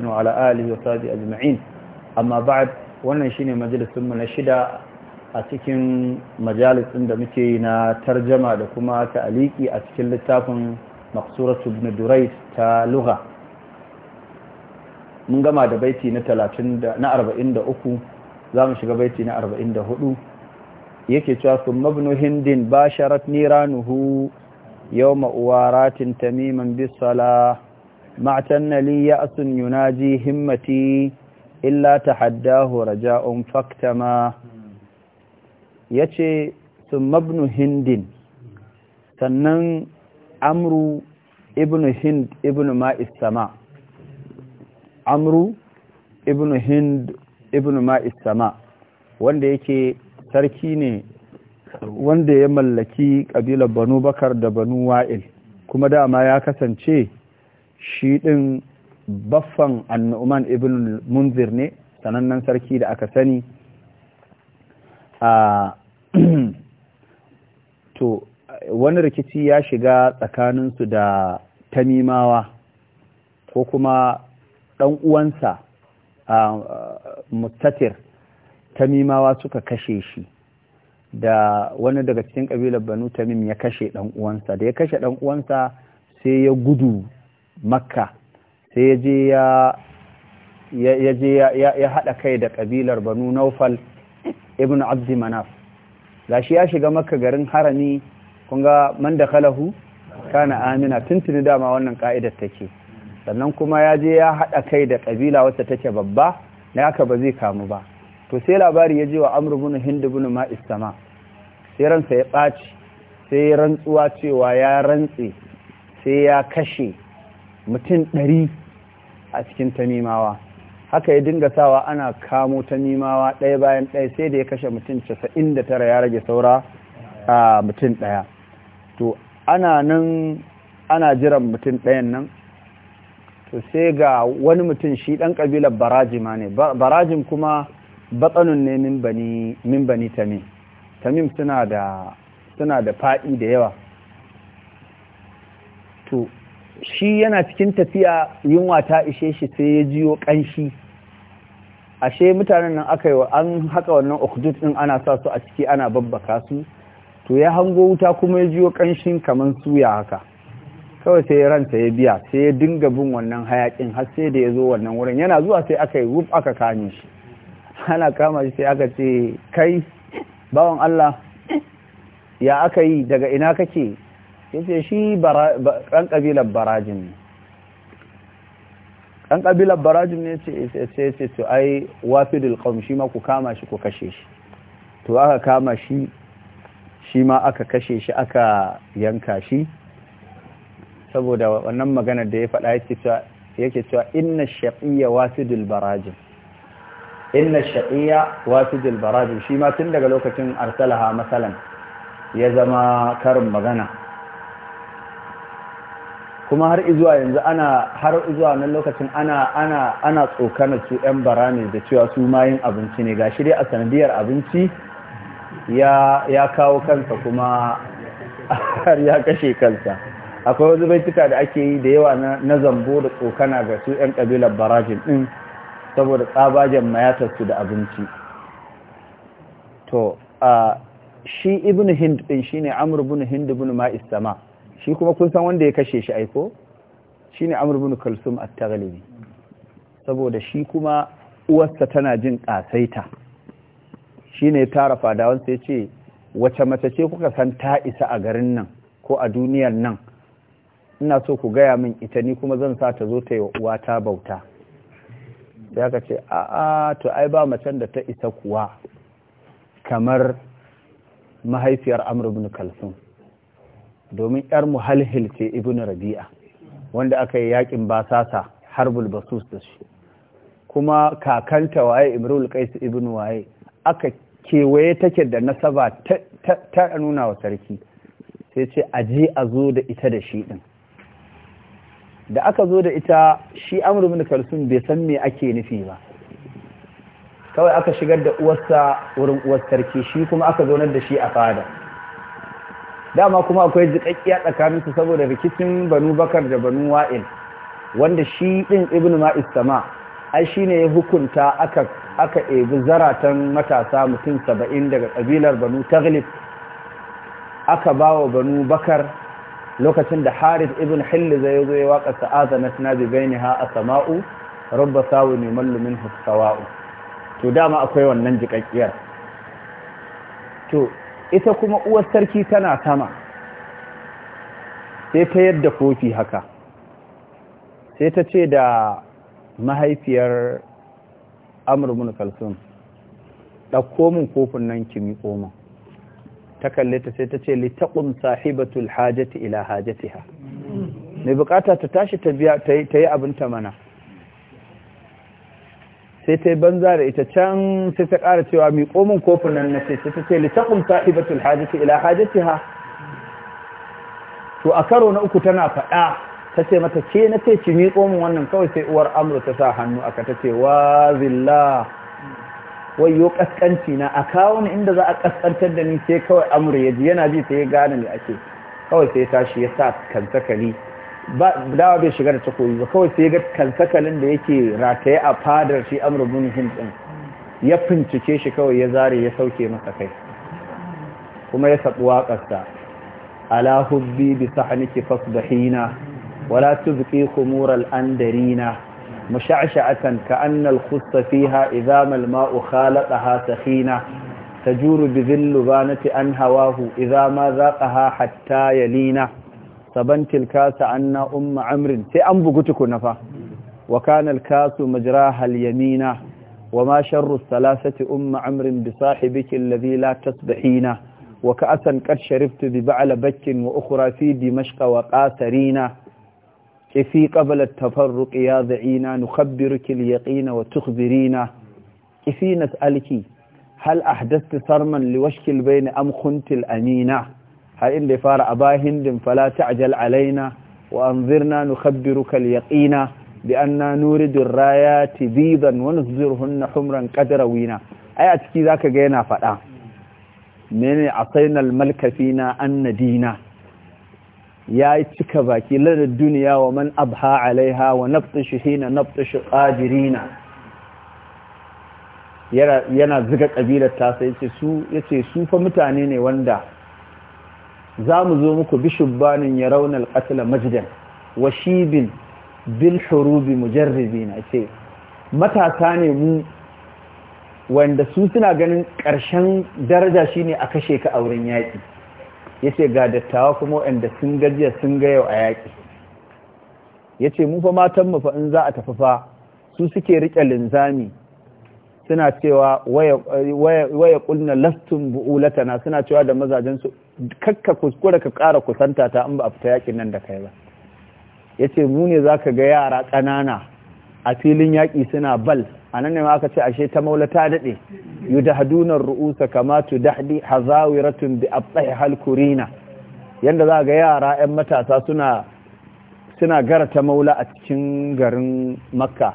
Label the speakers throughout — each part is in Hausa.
Speaker 1: وعلى آله وصحبه أجمعين amma بعد wannan shine mu na shida a cikin majalisun da muke na tarjama da kuma ta'aliki a cikin littafin maqsuratu ibn ta lugha mun gama da baiti na 30 na 43 zamu shiga baiti na 44 yake cewa summa ibn hindin basharat niranuhu yawma uwaratin tamiman bis salah معتن لي يأس يناجي همتي إلا تحداه رجاء فاكتما يتي ثم ابن هند سنن أمر ابن هند ابن ما السماء أمر ابن هند ابن ما السماء wanda yake sarki ne wanda ya mallaki ƙabilar banu bakar da banu wa'il kuma dama ya kasance shi ɗin baffan annu'man ibn munzir ne sanannen sarki da aka sani a to wani rikici ya shiga tsakaninsu da tamimawa ko kuma ɗan uwansa a mustatir tamimawa suka kashe shi da wani daga cikin ƙabilar banu tamim ya kashe ɗan uwansa da ya kashe ɗan uwansa sai ya gudu makka sai ya je ya haɗa kai da ƙabilar banu naufal ibn abdi manaf gashi ya shiga makka garin harami kun ga man da kalahu kana amina tuntuni dama wannan ka'idar take sannan kuma ya je ya haɗa kai da ƙabila wacce take babba na haka ba zai kamu ba to sai labari ya je wa amru bin hindu bin ma istama sai ransa ya ɓaci sai rantsuwa cewa ya rantse sai ya kashe mutum ɗari a cikin tamimawa haka ya dinga sawa ana kamo tamimawa ɗaya bayan ɗaya sai da ya kashe mutum casa'in da tara ya rage saura a mutum ɗaya to ana nan ana jiran mutum ɗayan nan to sai ga wani mutum shi ɗan ƙabilar barajima ne barajin kuma batsanun ne min bani tamim tamim suna da faɗi da yawa to shi yana cikin tafiya yunwa ta ishe shi sai ya jiyo ƙanshi ashe mutanen nan aka yi wa an haka wannan okudut ɗin ana sa su a ciki ana babbaka su to ya hango wuta kuma ya jiyo ƙanshin kamar suya haka kawai sai ya ranta ya biya sai ya dinga bin wannan hayakin har sai da ya zo wannan wurin yana zuwa sai aka yi wuf aka kame shi ana kama shi sai aka ce kai bawan Allah ya aka yi daga ina kake yace shi ɗan ƙabilar barajin ne ɗan ƙabilar barajin ne ce ce to ai wafidul qawm shi ma ku kama shi ku kashe shi to aka kama shi shi ma aka kashe shi aka yanka shi saboda wannan maganar da ya faɗa yake cewa yake cewa inna shaqiyya wasidul barajin inna shaqiyya wasidul barajin shi ma tun daga lokacin arsalaha masalan ya zama karin magana kuma har izuwa yanzu ana har izuwa nan lokacin ana ana ana tsokana su yan bara da cewa su ma yin abinci ne gashi dai a sanadiyar abinci ya ya kawo kansa kuma har ya kashe kansa akwai wasu baituka da ake yi da yawa na zambo da tsokana ga su yan kabilar barajin din saboda tsabagen su da abinci to a shi ibn hind din shine amr ibn hind ibn ma'isama sama' shi kuma kun san wanda ya kashe shi aiko shine amr kalsum a tagalibi saboda shi kuma uwarsa tana jin ƙasaita shi ya tara fadawan sai ce wace mace ce kuka san ta isa a garin nan ko a duniyar nan ina so ku gaya min ita ni kuma zan sa ta zo ta yi wa ta bauta Ya ka ce a'a to ai ba macen da ta isa kuwa kamar mahaifiyar amr bin kalsum domin ‘yar muhalhil ce ibn rabi'a wanda aka yi yakin basasa harbul basus da shi kuma kakanta waye imrul qais ibn waye aka kewaye take da nasaba ta nuna wa sarki sai ce a a zo da ita da shi din da aka zo da ita shi amru bin kalsun bai san me ake nufi ba kawai aka shigar da uwarsa wurin uwar sarki shi kuma aka zaunar da shi a fada dama kuma akwai jiƙaƙƙiya tsakanin su saboda rikicin banu bakar da banu wa'il wanda shi ɗin ibn ma'is sama ai shi ne ya hukunta aka aka ebi zaratan matasa mutum saba'in daga ƙabilar banu taglif aka ba wa banu bakar lokacin da haris ibn hilli zai zo ya waƙa sa'aza na sinabi bai ha a sama'u rabba sawu ne mallumin hussawa'u to dama akwai wannan jiƙaƙƙiyar to ita kuma uwar sarki tana sama sai ta yadda kofi haka sai ta ce da mahaifiyar amurmin kalsun ɗauko min kofin nan kimi koma ta kalle ta sai ta ce littakun sahibatul hajati ila ha mm. mai bukata ta tashi ta biya ta yi abinta mana sai ta banza da ita can sai ta ƙara cewa mi komin kofin nan na ce ta ce litakun sa'ibatul hajjati ila ha. to a karo na uku tana faɗa ta ce mata ke na ce ki mi wannan kawai sai uwar amru ta sa hannu aka ta ce wa zilla wayo na a kawo ni inda za a kaskantar da ni sai kawai amru ya ji yana ji sai ya gane me ake kawai sai tashi ya sa kan sakali ba dawa bai shiga da takobi ba kawai sai ga kalsakalin da yake rataye a fadar shi amur bin hind din ya fincike shi kawai ya zare ya sauke masa kai kuma ya sabu waƙarsa ala hubbi bi sahniki fasbahina wala tuzqi khumur al andarina musha'sha'atan ka'anna al khussa fiha idha ma al ma'u khalaqaha sakhina تجور بذل بانة أن هواه إذا ما hatta حتى يلينا سبنت الكاس عنا أم عمر سأنبو قتكو نفا وكان الكاس مجراها اليمينة وما شر الثلاثة أم عمر بصاحبك الذي لا تسبحينا وكأسا قد شرفت ببعل بك وأخرى في دمشق وقاسرين كفي قبل التفرق يا ذعينا نخبرك اليقين وتخبرينا كفي نسألك هل أحدثت صرما لوشك البين أم خنت الأمينة har inda ya fara a din fala ajal alaina wa anzirna nukhabbiruka al-yaqina bi anna nuridu ar-rayati diban wa nuzirhunna humran qadrawina ai a ciki zaka ga yana fada mene asaina an na dina? Ya yi cika baki lada duniya wa man abha alaiha wa naftishi hina qadirina yana ziga kabilar ta sai yace su yace su fa mutane ne wanda za mu zo muku bishubbanin ya raunar ƙasila majidan wa shibin bil mujarribi na ce matasa ne mu wanda su suna ganin ƙarshen daraja shi ne a kashe ka auren yaƙi ya ce ga dattawa kuma wanda sun gajiya sun ga yau a yaƙi ya ce mu fa matanmu fa in za a tafi fa su suke riƙe linzami suna cewa waya ƙulna lastun bu'ulatana suna cewa da mazajensu kakka kuskura ka kara kusanta ta an ba a fita yakin nan da kai ba ya ce mu ne za ka ga yara ƙanana a filin yaƙi suna bal a nan ne ma aka ce ashe ta maula ta daɗe yu da hadunar ru'usa kama tu dahdi hazawiratun bi abtai halkurina Yadda za ga yara 'yan matasa suna suna gara ta maula a cikin garin makka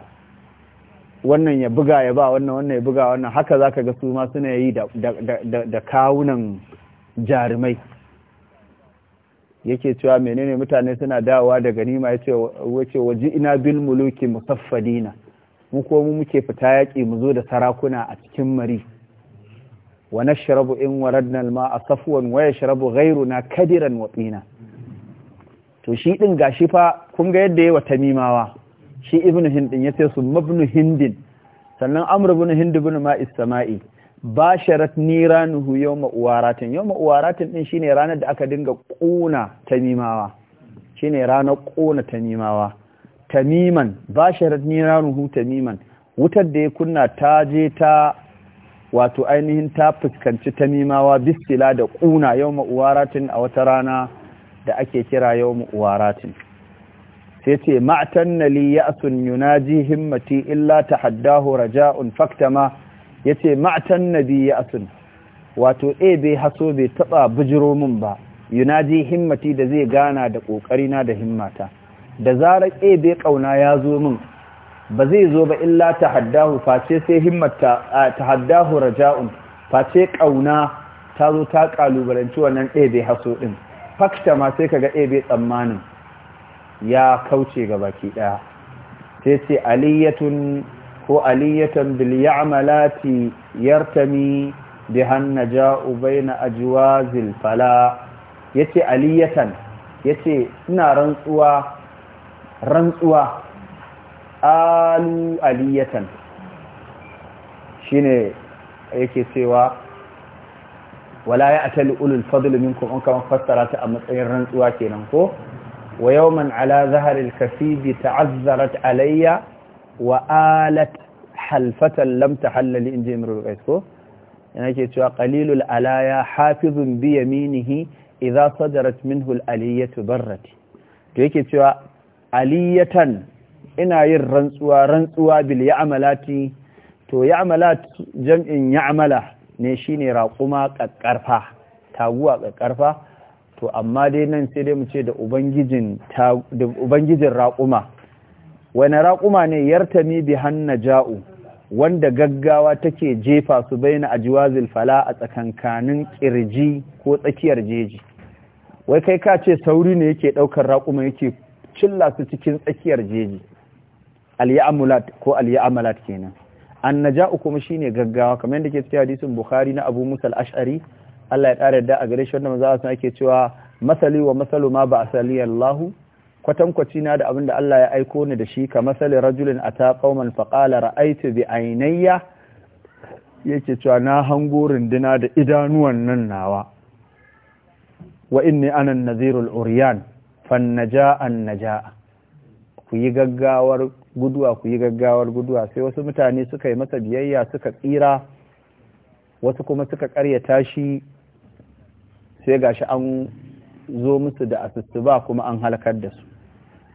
Speaker 1: wannan ya buga ya ba wannan wannan ya buga wannan haka za ka ga su ma suna yi da kawunan jarumai yake cewa menene mutane suna dawowa da ganima yace wace waji ina bil muluki musaffadina mu ko mu muke fita yaki mu zo da sarakuna a cikin mari wa nashrabu in waradna al ma'a safwan wa yashrabu ghayruna kadiran wa qina to shi din gashi fa kun ga yadda yawa wa tamimawa shi ibnu hind din yace su mabnu hindin sannan amr ibn hind ibn ma'is sama'i basharat niranuhu yawma uwaratin yawma uwaratin din shine ranar da aka dinga kuna tamimawa shine ranar kuna tamimawa tamiman basharat niranuhu tamiman wutar da ya kunna ta je ta wato ainihin ta fuskanci tamimawa bisila da kuna yawma uwaratin a wata rana da ake kira yawma uwaratin sai ce ma'tanna li ya'sun yunaji himmati illa tahaddahu raja'un faktama ya ce ma'atan nabi ya wato e bai haso bai taɓa bujiro min ba yunaji himmati da zai gana da na da himmata da zarar e bai ƙauna ya zo min ba zai zo ba illa ta haddahu face sai himmata ta raja'un face ƙauna ta zo ta ƙalubalanci wannan e bai haso ɗin fakta ma sai kaga e bai tsammanin ya kauce ga baki ɗaya sai ce aliyatun ko aliyatan bil ya'malati yartami biha naja'u baina ajwazil fala yace aliyatan yace ina rantsuwa rantsuwa alu aliyatan shine yake cewa wala ya atali ulul fadl minkum an kama fassara ta a matsayin rantsuwa kenan ko wa yawman ala zaharil kasibi ta'azzarat alayya wa alat halfatan lam tahallali inji imrul qais ko yana ke cewa qalilul alaya hafizun bi yaminihi idza sadarat minhu al aliyatu barrati to yake cewa aliyatan ina yin rantsuwa rantsuwa bil ya'malati to ya'malat jam'in ya'mala ne shine raquma kakkarfa taguwa kakkarfa to amma dai nan sai dai mu ce da ubangijin da ubangijin raquma wani raƙuma ne yartami bi hanna ja'u wanda gaggawa take jefa su baina ajwazil fala a tsakankanin kirji ko tsakiyar jeji wai kai ka ce sauri ne yake ɗaukar raƙuma yake cilla su cikin tsakiyar jeji al ko al kenan annaja'u kuma shine gaggawa kamar yadda ke cikin hadisin bukhari na abu musal ashari Allah ya ƙara da a gare shi wanda manzo Allah ake cewa masali wa masalu ma ba asali Allahu kwatankwaci na da abin da Allah ya aiko ni da shi ka masalin rajulin a ta ƙauman faƙala bi ainihya yake cewa na hango rundina da idanuwan nan nawa wa inni anan nazirul uriyan fan naja'an ku yi gaggawar guduwa ku yi gaggawar guduwa sai wasu mutane suka yi masa biyayya suka tsira wasu kuma suka karyata shi sai ga shi an zo musu da asusu ba kuma an halakar da su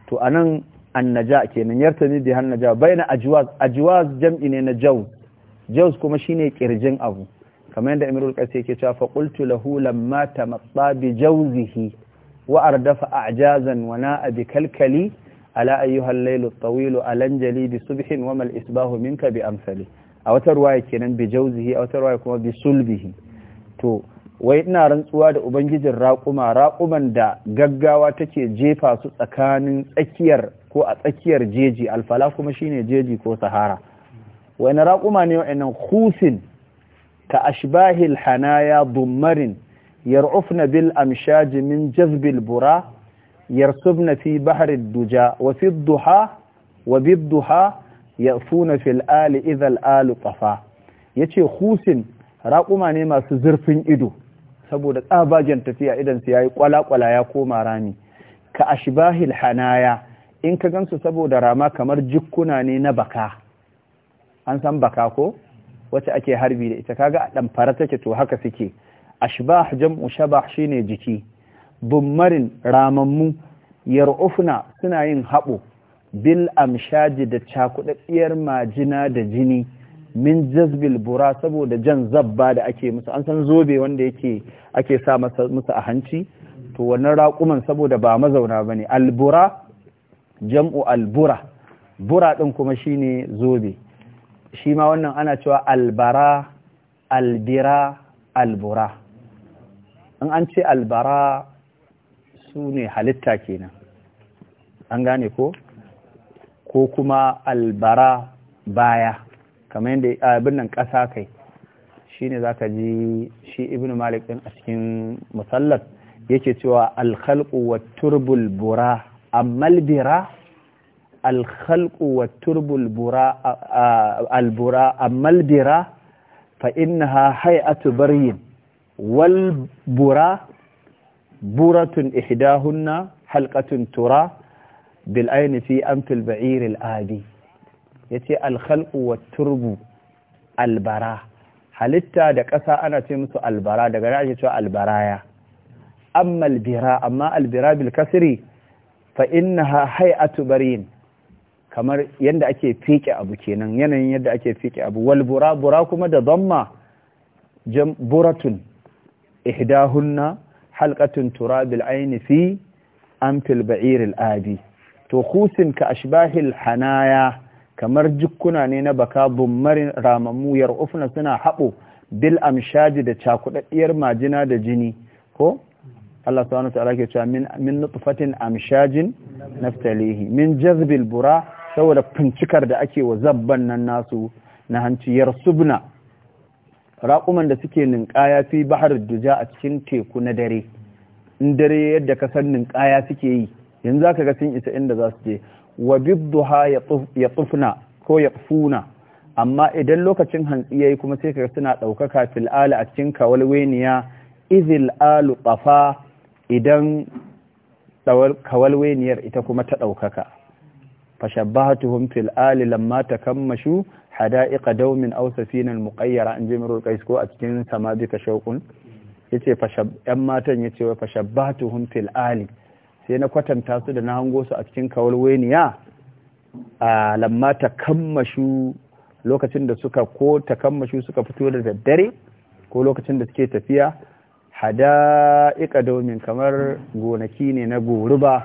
Speaker 1: to anan annaja kenan yartani bi hannaja baina ajwaz ajwaz jam'i ne na jaw jaws kuma shine kirjin abu kamar yadda Imrul Qasi yake cewa fa qultu lahu lamma tamatta bi jawzihi wa ardafa a'jazan wa na'a bi kalkali ala ayyuha al-layl at-tawil alanjali bi subhin wa mal isbahu minka bi amsali a wata ruwaya kenan bi jawzihi a wata ruwaya kuma bi sulbihi to wai ina rantsuwa da ubangijin raƙuma raƙuman da gaggawa take jefa su tsakanin tsakiyar ko a tsakiyar jeji alfala kuma shine jeji ko sahara wani raƙuma ne wa'annan husin ka ashbahil hanaya dummarin yar'ufna bil amshaji min jazbil bura yarsubna fi bahri duja wa fi duha wa bi duha yafuna fil ali idha al alu tafa yace husin raƙuma ne masu zurfin ido saboda tsabagen tafiya idan su yayi kwala-kwala ya koma rami ka ashbahil hanaya in ka gansu saboda rama kamar jikkuna ne na baka an san baka ko wacce ake harbi da ita kaga dan fara take to haka suke ashbah jam'u shabah shine jiki bummarin ramammu yar'ufna suna yin habo bil amshaji da cakudaddiyar majina da jini min jazbil bura saboda jan zabba da ake musu an san zobe wanda yake ake sa musu a hanci to wannan raƙuman saboda ba mazauna ba ne albura jam'u albura bura ɗin kuma shi ne zobe shi ma wannan ana cewa albara albira albura in an ce albara su ne halitta kenan an gane ko ko kuma albara baya kamar yadda abin nan ƙasa kai shi ne za ka ji shi ibn malik ɗin a cikin musallat yake cewa alkhalƙu wa turbul bura ammal bira alkhalƙu wa turbul bura albura ammal bira fa innaha hai'atu baryin wal bura buratun ihdahunna halqatun tura bil aini fi amtil ba'ir al ya ce alhalku turbu albara halitta da ƙasa ana ce musu albara daga na ake cewa albaraya amma albira amma albira bilkasiri fa fa ha hay'atu barin kamar yadda ake fiƙe abu kenan yanayin yadda ake fiƙe abu wal bura bura kuma da zamma buratun ihdahunna halqatun turabil aini fi amfil ba'iril abi to kusin ka ashbahil hanaya kamar jikuna ne na baka bummarin ramammu ofna suna haɓo bil amshaji da cakuɗaɗɗiyar majina da jini ko Allah subhanahu wa ta'ala ke cewa min nutfatin amshajin naftalihi min jazbil bura saboda fincikar da ake wa zabban nan nasu na hanci subna raƙuman da suke ninkaya fi bahar duja a cikin teku na dare in dare yadda ka san ninkaya suke yi yanzu zaka ga sun isa inda za su je wa bidduha ya tufna ko ya tufuna amma idan lokacin hantsi yayi kuma sai kaga suna ɗaukaka fil ala a cikin kawalweniya idhil alu tafa idan kawalwaniyar ita kuma ta ɗaukaka fashabbahatuhum fil ali lamma takammashu hada'iqa daumin aw al muqayyara an jimirul qais ko a cikin sama ka shauqun yace fashab yan matan yace wa fashabbahatuhum fil ali sai na kwatanta su da na hango su a cikin kawalweniya a lamma ta kammashu lokacin da suka ko ta kammashu suka fito da daddare ko lokacin da suke tafiya ika domin kamar gonaki ne na goruba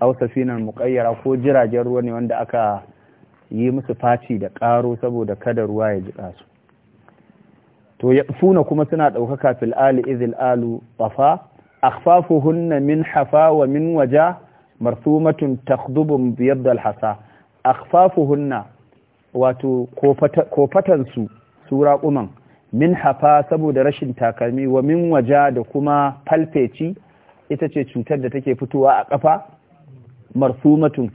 Speaker 1: aw finan muqayyara ko jiragen ruwa ne wanda aka yi musu faci da ƙaro saboda kada ruwa ya jiƙa su to funa kuma suna ɗaukaka fil'ali izil alu bafa. akhfafuhunna min hafa wa min waja marsumatun takhdubun biyad alhasa akhfafuhunna wato kofatan su sura kuman min hafa saboda rashin takalmi wa min waja da kuma falfeci ita ce cutar da take fitowa a kafa marsumatun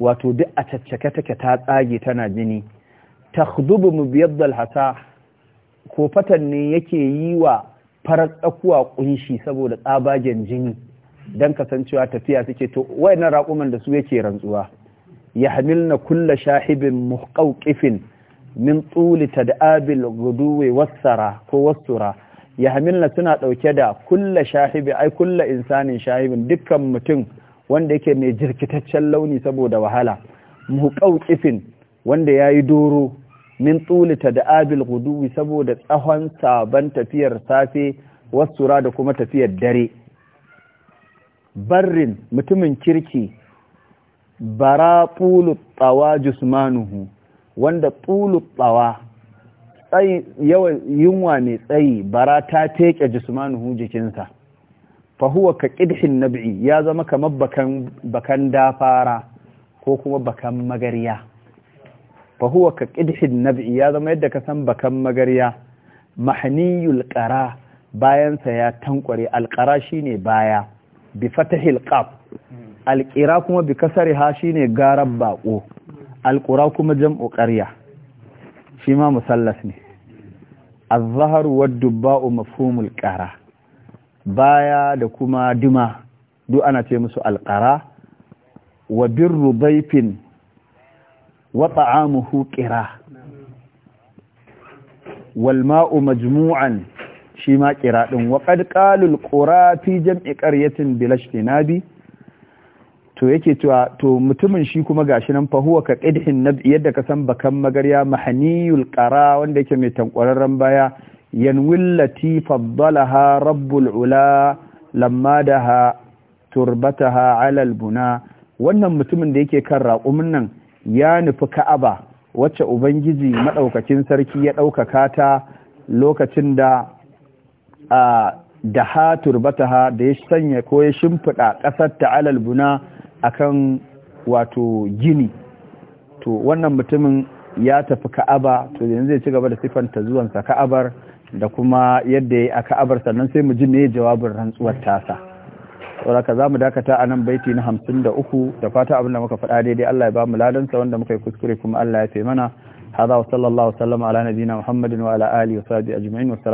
Speaker 1: wato duk a caccake take ta tsage tana jini takhdubun biyad alhasa kofatan ne yake yi wa farar tsakuwa kunshi saboda tsabagen jini don kasancewa tafiya suke to wayannan raƙuman da su yake rantsuwa ya hamil na kulla shahibin muƙauƙifin min tsuli ta da tad'abil guduwe wassara ko wassura ya hamil na suna ɗauke da kulla shahibi ai kulla insanin shahibin dukkan mutum wanda yake mai jirkitaccen launi saboda wahala muƙauƙifin wanda ya yi doro min tsulita da abil guduwi saboda tsahon sabon tafiyar safe wasura da kuma tafiyar dare barrin mutumin kirki bara tsulut tsawa jismanuhu wanda tsulut tsayi yawan yunwa mai tsayi bara ta teke jismanuhu jikinsa fahuwa ka ƙidhin nabi ya zama kamar bakan dafara ko kuma bakan magarya fa huwa ka nab'i ya zama yadda ka san bakan magarya mahniyul ƙara bayan sa ya tankware alqara shine baya bi fatahil qaf alqira kuma bi kasariha shine garan baƙo alqura kuma jam'u qarya shi ma musallas ne az-zahr wad dubba'u mafhumul ƙara baya da kuma duma duk ana ce musu alqara wa bin dayfin wa ta'amuhu qira wal majmu'an shi ma ƙira ɗin wa ƙalul ƙura fi jam'i qaryatin bilash ishtinabi to yake cewa to mutumin shi kuma gashi nan fa huwa ka qidhin nab yadda ka san bakan magarya mahaniyul qara wanda yake mai tankwararren baya yanwil lati faddalaha rabbul ula lamma daha turbataha ala buna wannan mutumin da yake kan raƙumin nan ya nufi ka'aba wacce ubangiji maɗaukacin sarki ya ɗaukaka ta lokacin da a da ha turbataha da ya sanya ko ya shimfiɗa ƙasar ta buna akan wato gini to wannan mutumin ya tafi ka'aba to yanzu zai ci gaba da siffanta zuwansa ka'abar da kuma yadda ya yi a ka'abar sannan sai mu ji me jawabin rantsuwar tasa sauraka za mu dakata a nan baiti na hamsin da uku da fata abin da muka faɗa daidai Allah ya ba mu ladansa wanda muka yi kuskure kuma Allah ya fi mana hada wa sallallahu wa sallama ala nabina muhammadin wa ala alihi wa sahbihi ajma'in wa